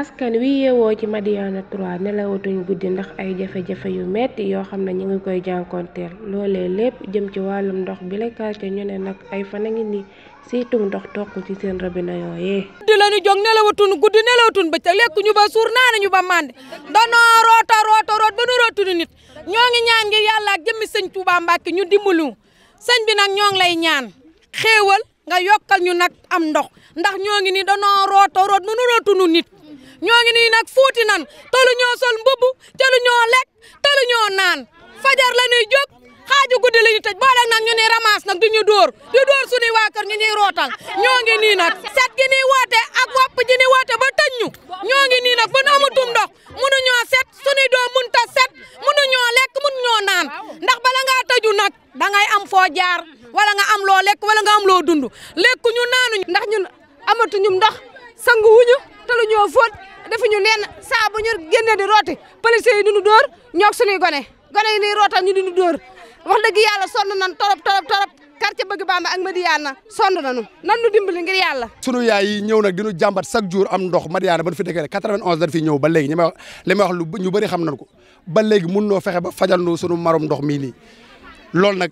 askan wi yeewoo ci Madiyana 3 nelawatuñ guddi ndax ay jafe-jafe yu metti yoo xam ne ñu ngi koy jànkoonteel loolee lépp jëm ci wàllum ndox bi la quartier ñu ne nag ay fan a ngi ni siitum ndox toq ci seen robinet yooyee guddi la ñu jóg nelawatuñ guddi nelawatuñ bëccëg lekk ñu ba suur naa nañu ba mànd danoo roota roota root ba nu rootunu nit ñoo ngi ñaan ngir yàlla ak jëmmi sëñ Tuubaa Mbàkke ñu dimbalu sëñ bi nag ñoo lay ñaan xéewal nga yokkal ñu nag am ndox ñoo ngi nii nag fuuti nan tolu ñoo sol mbubb telu ñoo lekk telu ñoo naan fajar la ñuy jóg xaaju guddi la ñuy tëj boo nag ñu ni ramas nag du ñu dóor di dóor suñuy waa kër ñu rootal ñoo ngi nii set gi ni woote ak wopp ji ni woote ba tëj ñu ñoo ngi nii na ba nu amatum ndox mënuñoo set suñuy doom mënta set mënuñoo lekk mënuñoo naan ndax bala ngaa tëju nag da am foo jaar wala nga am loo lekk wala nga am loo dund saa bu ñu génnee di rooti policiers yi di ñu dóor ñoog suñuy gone gone yi nii rootal ñu di ñu dóor wax dëgg yàlla sonn nan torop torop torop quartier bëgg Bamba ak Madiana sonn nañu nan nu dimbali yàlla sunu yaay yi ñëw nag dinu jàmbat chaque jour am ndox Madiana ba nu fi dëkkee rek 91 dañ fi ñëw ba léegi ñi may wax li ñu bëri xam nañ ko ba léegi mun noo fexe ba fajal nu sunu marom ndox mii nii loolu nag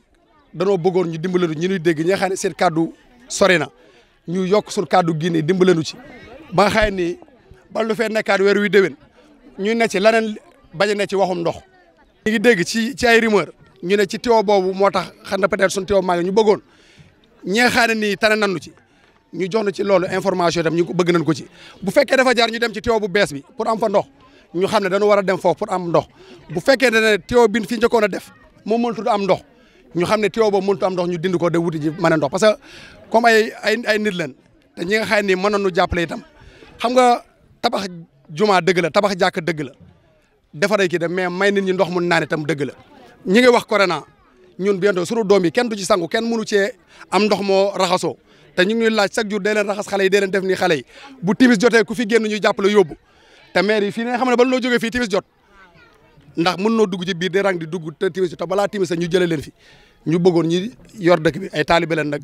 danoo bëggoon ñu dimbalenu ñu nuy dégg ñi xam ne seen kàddu sori na ñu yokk sunu kàddu gi nii ci ba lu fee nekkaat weer wi déwén ñu ne ci leneen bañ a ne ci waxum ndox. ñu ngi dégg ci ci ay rumeur ñu ne ci teew boobu moo tax xan na peut-être suñu teew maa ngi ñu bëggoon ñi nga xam ne nii tane ci ñu jox na ci loolu information itam ñu bëgg nañ ko ci. bu dafa jaar ñu dem ci teew bu bees bi pour am fa ñu xam ne dañu war a dem foofu pour am ndox bu fekkee ne teew bi fi njëkkoon a def moom mënatul am ndox. ñu xam ne teew boobu munut am ndox ñu dind ko de wuti ji mën a ndox parce que comme ay ay ay nit lañ te ñi nga xam ne nii mënoon nu jàppale itam tabax jumaa dëgg la tabax jàkk dëgg la defaray kii de mais may nit ñi ndox mu naan tam dëgg la ñi ngi wax corona ñun bientôt sunu doom yi kenn du ci sangu kenn mënu cee am ndox moo raxasoo te ñu ngi ñuy laaj chaque jour dee leen raxas xale yi dee leen def nii xale yi bu timis jotee ku fi génn ñu jàppale yóbbu te maire yi fii ne xam ne ba noo jógee fii timis jot ndax mun noo dugg ci biir di rang di dugg te timis jot te balaa timis ñu jëlee leen fi ñu bëggoon ñi yor dëkk bi ay taalibe leen nag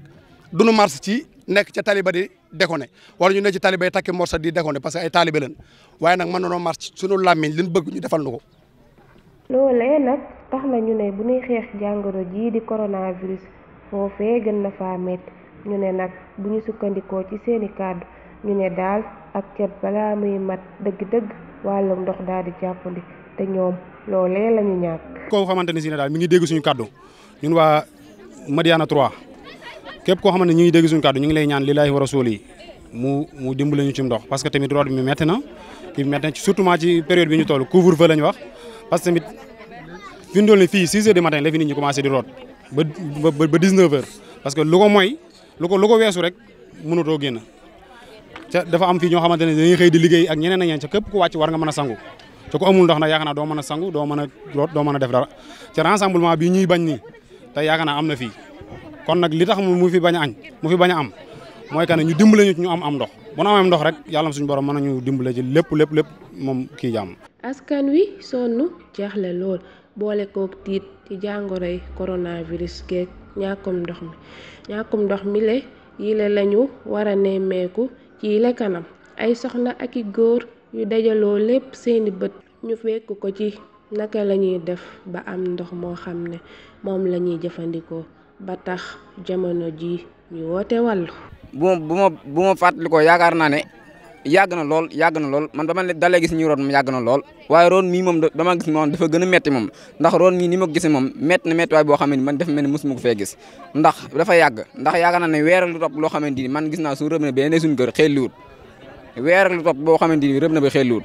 duñu mars ci nekk ca taliba di déconné wala ñu ne ci taalibé yi takki morsa di déconné parce que ay taalibé lañ waaye nag mën nanoo marche suñu làmmiñ liñ bëgg ñu defal na ko loolee nag tax na ñu ne bu ñuy xeex jàngoro jii di coronavirus foofee gën na faa métti ñu ne nag bu ñu sukkandikoo ci seeni kàddu ñu ne daal ak cet balaa muy mat dëgg-dëgg wàllum ndox daal di jàppandi te ñoom loolee la ñu ñàkk. koo xamante ne si ne daal mi ngi dégg suñu kàddu ñun waa Madiana 3. képp koo xam ne ñu ngi dégg suñu kàddu ñu ngi lay ñaan lillaahi wa rasuul yi mu mu dimbale ñu ndox parce que tamit root bi metti na kii metti na surtout ci période bi ñu toll couvre feu lañ wax parce que tamit fi ñu doon ne fii 6 heures du fi nit ñi commencé di root ba ba parce que lu ko mooy lu ko lu ko weesu rek mënatoo génn ca dafa am fii ñoo xamante ne dañuy xëy di liggéey ak ñeneen ak ñeneen ca képp ku wàcc war nga a sangu ca ku amul ndox nag yaakaar naa doo mën a sangu doo mën a doo mën a def dara ca rassemblement bi ñuy bañ te yaakaar naa am na fii kon nag li tax mu fi bañ a añ mu fi bañ am mooy que ne ñu dimbale ñu ñu am am ndox bu nu amee ndox rek yàlla suñ boro mën nañu dimbale ci lépp lépp lépp moom kii jàmm. askan wi sonn jaaxle lool boole kook tiit ci jàngoroy coronavirus geeg ñàkkum ndox mi ñàkkum ndox mi le yile lañu war a nemmeeku ci yile kanam ay soxna ak i góor yu dajaloo lépp seeni bët ñu fekk ko ci naka lañuy def ba am ndox moo xam ne moom lañuy jëfandikoo. ba tax jamono ji ñu woote wàllu. bu ma bu ma bu ma fàttali ko yaakaar naa ne yàgg na lool yàgg na lool man dama ne dalee gis ñu roon moom yàgg na lool waaye roon mii moom dama gis moom dafa gën a metti moom ndax roon mii ni ma ko gisee moom metti na metti waaye boo xam ne man dafa mel ni mosuma ko fee gis ndax dafa yàgg ndax yaakaar naa ne weer na topp loo xamante ni man gis naa su rëb na beneen suñu kër xelliwut weer lu topp boo xamante ni rëb na ba xelliwut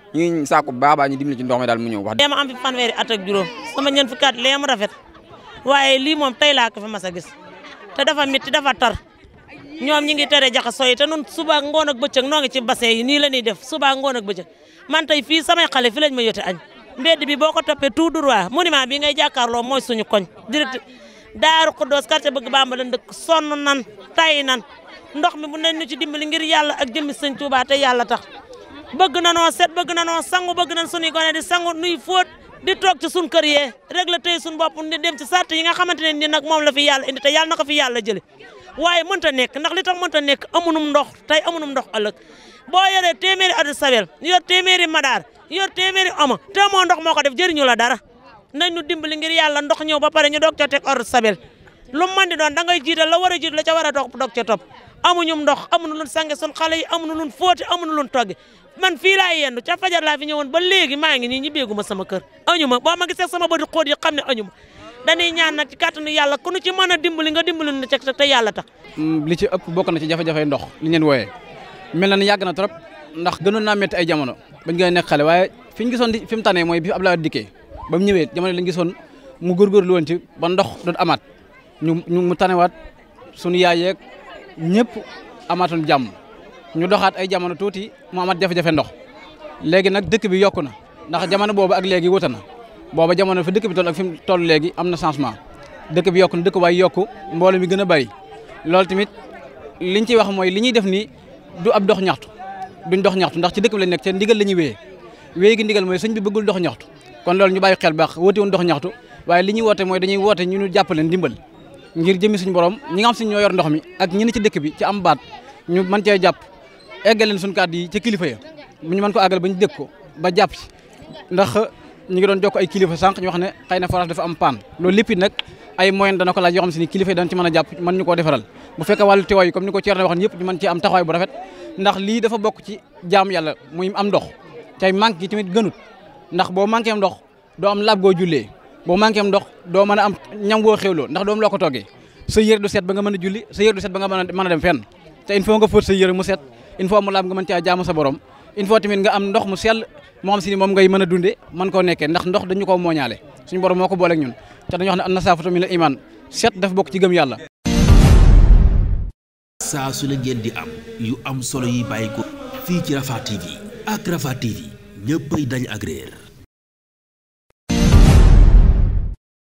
ñu ngi sàkku baabaa ñu dimbali ci ndox daal mu ñëw wax. léema am fi fanweeri at ak sama ñeent fukki at léema rafet waaye lii moom tey laa ko fi mas a gis te dafa métti dafa tar ñoom ñi ngi tere jaxasoo yi te nun suba ngoon ak bëccëg noo ngi ci bassin yi nii la ñuy def suba ngoon ak bëccëg man tey fii samay xale fi lañ ma yote añ mbedd bi boo ko toppee tout droit monument bi ngay jàkkaarloo mooy suñu koñ direct daaru Xuddoos quartier bëgg Bàmba lañ dëkk sonn nan tay nan ndox mi bu nañ ñu ci dimbali ngir yàlla ak jëmmi sëñ Tuubaa te yàlla tax bëgg na noo set bëgg na noo sangu bëgg na suñuy gone di sangu nuy fóot di toog ci suñ kër yee rek la tey suñ bopp di dem ci sart yi nga xamante ne ni nag moom la fi yàlla indi te yàlla na ko fi yàlla jële waaye ta nekk ndax li tax mënta nekk amunum ndox tey amunum ndox ëllëg boo yoree téeméeri adu sabel yor téeméeri madaar yor téeméeri oma te moo ndox moo ko def jëriñu la dara nañ nu dimbali ngir yàlla ndox ñëw ba pare ñu doog ca teg adu lu man di doon da jiital la war a jiital la ca war a doog doog ca topp amuñu ndox amuñu luñ sange sun xale yi amuñu foote fóote amuñu luñ togge man fii laa yendu ca fajar laa fi ñëwoon ba léegi maa ngi nii ñibbeegu ma sama kër añu ma boo ma gisee sama bët xóot yi xam ne añu ma dañuy ñaan nag ci kàttanu yàlla ku nu ci mën a dimbali nga dimbali na ca te yàlla tax mm, li ci ëpp bokk na ci jafe-jafe ndox li ngeen wooyee mel na ni yàgg na trop ndax gënoon naa métti ay jamono bañ ngay nekk waaye fi ñu gisoon fi mu tànnee mooy bi Abdoulaye dikkee ba mu ñëwee lañ gisoon mu góorgóorlu woon ci ba ndox doon amaat ñu ñu mu tanewaat sunu yaay yeeg ñëpp amaatul jàmm ñu doxaat ay jamono tuuti mu amaat jafe ndox léegi nag dëkk bi yokku na ndax jamono boobu ak léegi wuute na booba jamono fi dëkk bi toll ak fi mu toll léegi am na changement dëkk bi yokku na dëkk waay yokku mbooloo mi gën a bari loolu tamit liñ ciy wax mooy li ñuy def nii du ab dox ñaxtu duñ dox ñaxtu ndax ci dëkk bi lañ nekk ci ndigal la ñuy wéyee wéyee gi ndigal mooy sëñ bi bëggul dox ñaxtu kon loolu ñu bàyyi xel baax woote wuñ dox ñaxtu waaye li ñuy woote mooy dañuy woote ñu ñu jàppale ngir jëmi suñu borom ñi nga xam si ñoo yor ndox mi ak ñi ne ci dëkk bi ci am baat ñu mën cee jàpp eggal leen suñu yi ci kilifa ya ñu mën ko àggal ba ñu dégg ko ba jàpp ndax ñu ngi doon jokk ay kilifa sànq ñu wax ne xëy na forage dafa am paan loolu lépp it nag ay moyen dana ko laaj yoo xam si ni kilifa yi dañ ci mën a jàpp mën ñu koo defaral bu fekkee wàllu teewaay yi comme ni ko Thierno waxoon yëpp ñu mën ci am taxawaay bu rafet ndax lii dafa bokk ci jaam yàlla muy am ndox tey manque gi tamit gënut ndax boo manqué ndox doo am laab jullee boo manqué am ndox doo mën a am ñam woo xewloo ndax doom loo ko toggee sa yére du set ba nga mën a julli sa yére du set ba nga mën a dem fenn te il faut nga fóot sa yére mu set il faut mu laab nga mën caa jaamu sa borom il faut tamit nga am ndox mu sel moo xam si ni moom ngay mën a dunde man koo nekkee ndax ndox dañu koo mooñaale suñu borom moo ko booleeg ñun te dañu wax ne an nasaafatu min al iman set dafa bokk ci gëm yàlla su la ngeen di am yu am solo yi bàyyi ko fii ci Rafah TV ak Rafah TV ñëppay dañ